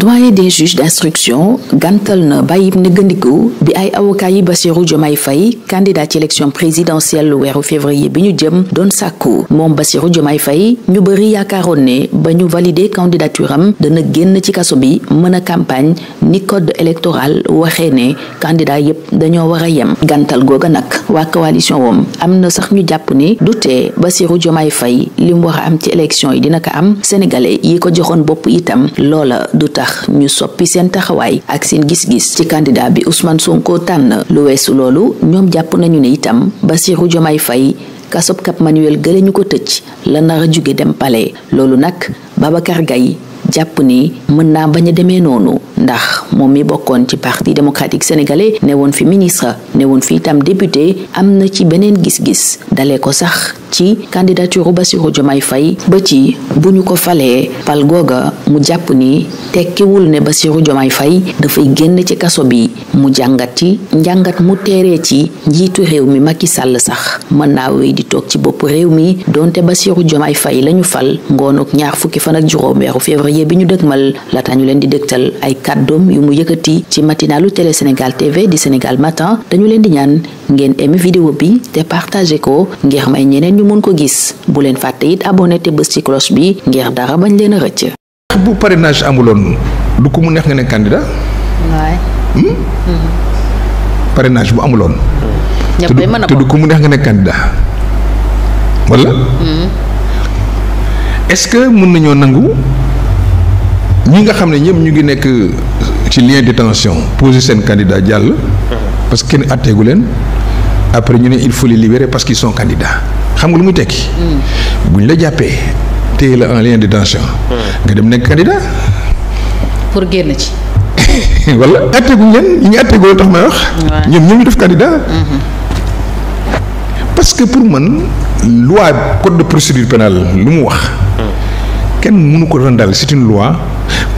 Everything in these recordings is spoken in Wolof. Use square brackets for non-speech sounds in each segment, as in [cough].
doyen des juges d'instruction gàntal na bàyyib bi ay avocat yi Bassirou Diomaye Faye candidat ci élection présidentielle weeru février bi ñu jëm don sàkku mom Bassirou Diomaye Faye ñu bari yaakaaroon ne ba ñu valider candidature am dana génn ci kasso bi mëna campagne ni code électoral waxé rené candidat yépp dañoo wara a yem gàntal googa coalition wom amne sax ñu japp Diomaye Faye lim wara am ci élection yi dina ka am sénégalais yi ko joxoon itam loola du ñu soppi seen taxawaay ak seen gis-gis ci candidat bi Ousmane Sonko tànn lu weesu loolu ñoom jàpp nañu ni itam ba Bassirou Diomaye Faye kasob Cap Manuel gële ñu ko tëj la nar a jóge dem pale loolu nag Babacar Gaye jàpp ni mën naa bañ a demee noonu ndax moom mi bokkoon ci parti démocratique sénégalais ne woon fi ministre ne woon fi itam député am na ci beneen gis-gis dalee ko sax ci candidature Bassirou Diomaye fay ba ci bu ñu ko falee pal mu jàpp ni tekkiwul ne Bassirou Diomaye Faye dafay génn ci kaso bi mu jàngat ci njàngat mu teeree ci njiitu réew mi Macky Sall sax mën naa wéy di toog ci bopp réew mi donte Bassirou Diomaye Faye lañu fal ngoonuk ñaar fukki fan ak juróom weeru février bi ñu dëgmal laata ñu leen di dëgtal ay kàddoom yu mu yëkkati ci matinalu télé sénégal tv di sénégal matin dañu leen di ñaan ngeen émi vidéo bi te partagé ko ngir may ñeneen ñu mun ko gis bu leen fàtte it abonné te bës ci cloche bi ngir dara bañ leen a rëcc bu parrainage amuloon du ko mu neex nga ne candidat hmm? mm-hmm. parrainage bu amuloon te du ko mu neex nga ne candidat wala mm-hmm. est ce que mun nañoo nangu ñi nga xam ne ñu ngi ci lien de tension poser un candidat Dial, parce que kenn atteegu leen après ñu il faut les libérer parce qu'ils sont candidats xam nga lu muy tekki. Hmm. buñ la jàppee téye la en lien de tension. Hmm. nga dem nekk candidat. pour génn ci. [laughs] wala atteeguñ leen ñi ngi atteegoo tax ma wax. ñoom ñoom ñu def candidat. Hmm. parce que pour man loi code de procédure pénale lu mu wax. kenn mënu ko randal c'est une loi.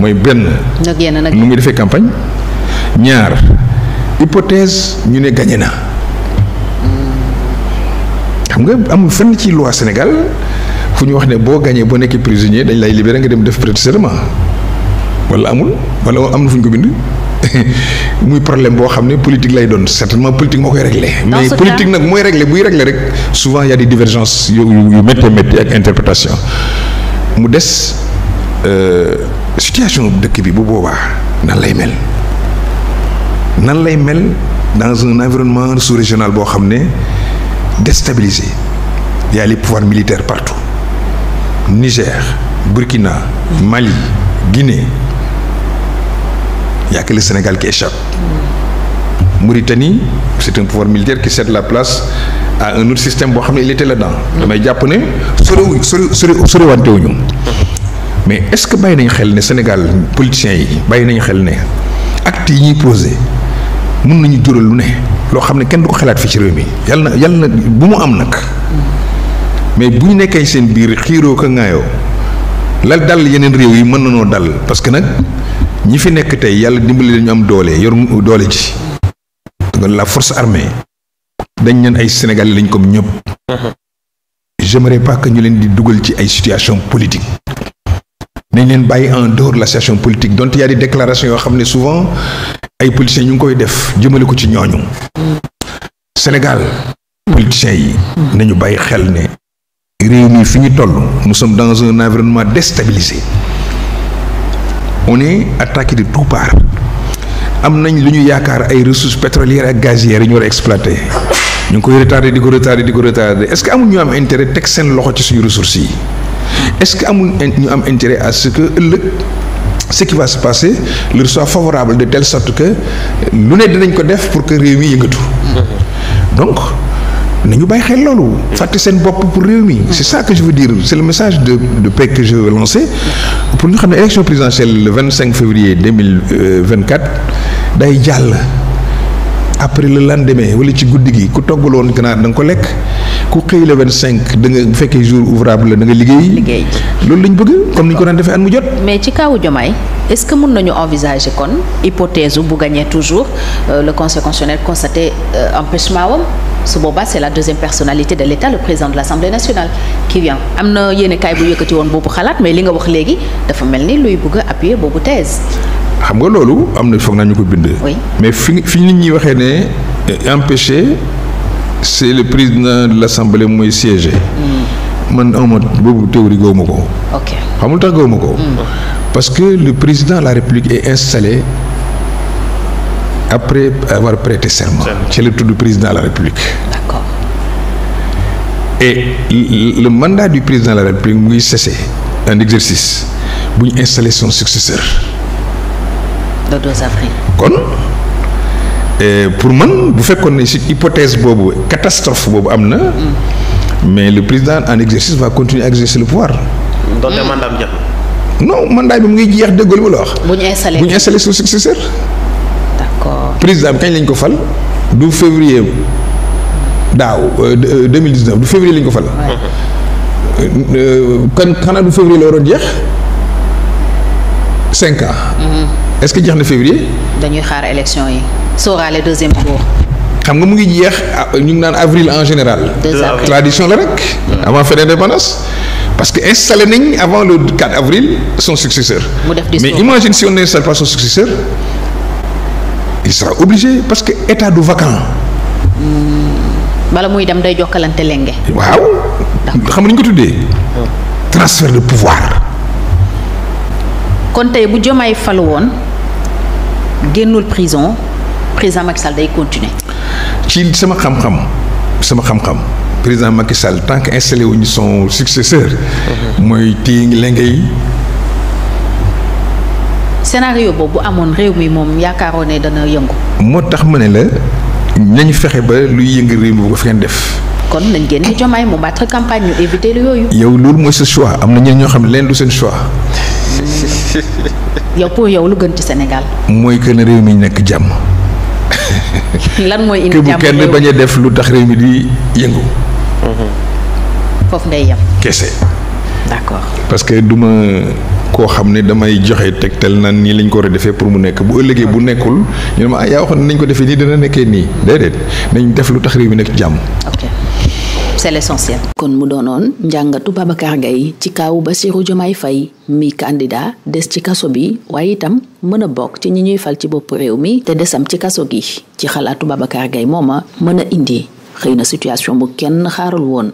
mooy benn. nu ngi defee campagne. ñaar hypothèse ñu né gagné na. xam nga amul fenn ci loi Sénégal fu ñu wax ne bo gagné bo nekkee prisonnier dañ lay libérer nga dem def prêter serment wala amul wala am fuñ ko bind. [laughs] muy problème bo xamné politique lay don certainement politique moo régler mais politique nak moy régler buy régler rek souvent y a des divergences yu yu métti métti ak interprétation mu dess euh, situation de bi bu dans nan Dans mel dans un environnement sous-régional déstabilisé. Il y a les pouvoirs militaires partout Niger Burkina Mali Guinée Il n'y a que le Sénégal qui échappe Mauritanie c'est un pouvoir militaire qui cède la place à un autre système il était là-dedans Mais les japonais, ils sont mais est-ce que bàyyi nañu xel ne Sénégal politiciens yi bàyyi nañu xel ne actes yi ñuy posé mun nañu dural lu ne lo xam ne kenn du ko fi ci réew mi Yalla Yalla bu mu am nak mais buñu ñu nekkee seen biir xiiroo ko ngaayo lal dal yenen réew yi mën nañu dal parce que nak ñi fi nekk tay Yalla dimbali leen ñu am doole yor doole ci la force armée dañ leen ay Sénégalais lañ comme ñëpp. Mm-hmm. j'aimerais pas que ñu leen di duggal ci ay situation politique nous avons en dehors de la situation politique donc il y a des déclarations yoo xam souvent ay politiciens ñu ngi koy def jëmale ko ci ñooñu Sénégal politiciens yi nañu bàyyi xel ne réew mi fi nous sommes dans un environnement déstabilisé on est attaqué de tout part nous avons des ressources pétrolières et gazières qui ñu war nous exploité ñu koy retardé di ko retardé di ko retardé est-ce que amul ñu am intérêt teg les ressources est-ce que a intérêt à ce que ce qui va se passer leur soit favorable de telle sorte que nous n'ayons pas ko pour que réew mi nous donc nous bàyyi xel loolu pour réew c'est ça que je veux dire c'est le message de paix que je veux lancer pour nous l'élection élection présidentielle le 25 février 2024 euh, day après le lendemain wala ci guddi gi ku toggaloon ganaar da nga ko lek ku xey le 25 da nga bu fekkee jour ouvrable da nga liggéey. liggéey loolu lañ bëgg comme ni ko daan defee an mu jot. mais ci kawu jomay est-ce que mën nañu envisager kon hypothèse bu gagné toujours euh, le conseil constitutionnel constaté euh, empêchement wam ce boobaa c'est la deuxième personnalité de l'État le président de l'Assemblée nationale qui vient amna yene kay bu yëkëti won bobu xalat mais li nga wax légui dafa mel ni luy bëgg appuyer bobu thèse xam nga loolu am na nañu ko bind. mais fi nit ñi eh, empêché c'est le président de l'assemblée qui est mm. man ama boobu théorie gawma ko. ok xamul tax ko. Mm. parce que le président de la république est installé après avoir prêté serment. c'est le tour du président de la république. d'accord. et le mandat du président de la république est cessé un exercice bu installer son successeur de 2 avril. pour moi, vous faites une hypothèse catastrophe mais le président en exercice va continuer à exercer le pouvoir. Vous mandat un mandat de successeur. d'accord président quand février 2019 2019. Euh, euh, février ko euh, février ans. Mm-hmm est-ce que le en février. dañuy xaar élection yi le deuxième tour. xam nga mu ngi ñu avril en général. tradition la rek. avant faire l'indépendance... parce que installé avant le 4 avril son successeur. mais imagine si on n'installe pas son successeur il sera obligé parce que état de vacant. vacances. Hmm. muy dem day jokalante lengue. waaw xam nga ñu ko oh. transfert de pouvoir. kon tay bu génnul prison président Macky Sall day continuer. ci sama xam-xam sama xam-xam président Macky Sall tant que installé wuñu son successeur. moy mhm. téye lengay. scénario bobu amone rew mi mom yaakaaroon dana yëngu. motax mané la nañu fexé ba luy yëng rew mi bu ko fi def. kon nañ ci jomay mu battre campagne éviter le yooyu. yow lool mooy ce choix amna na ñoo xam ne du sen choix. [laughs] yow pour yow lu gën ci sénégal moy que ne réew mi nek jam lan moy indi jam ke bu kenn baña def lu tax réew mi di yëngu hmm fof ngay yam kessé d'accord parce que duma ko xamné damay joxé tektel nan ni lañ ko redefé pour mu nek bu ëllëgé bu nekkul ñu ma ah, ya waxon nañ ko defé ni dana nekké ni dédét nañ def lu tax réew mi nek jam okay. c'est kon mu doonoon njàngatu Babacar Gaye ci kaw Bassirou Diomaye Faye mi candidat des ci kaso bi waaye itam mën a bokk ci ñi ñuy fal ci boppu réew mi te desam ci kaso gi ci xalaatu Babacar Gaye mooma mën a indi xëy na situation bu kenn xaarul woon.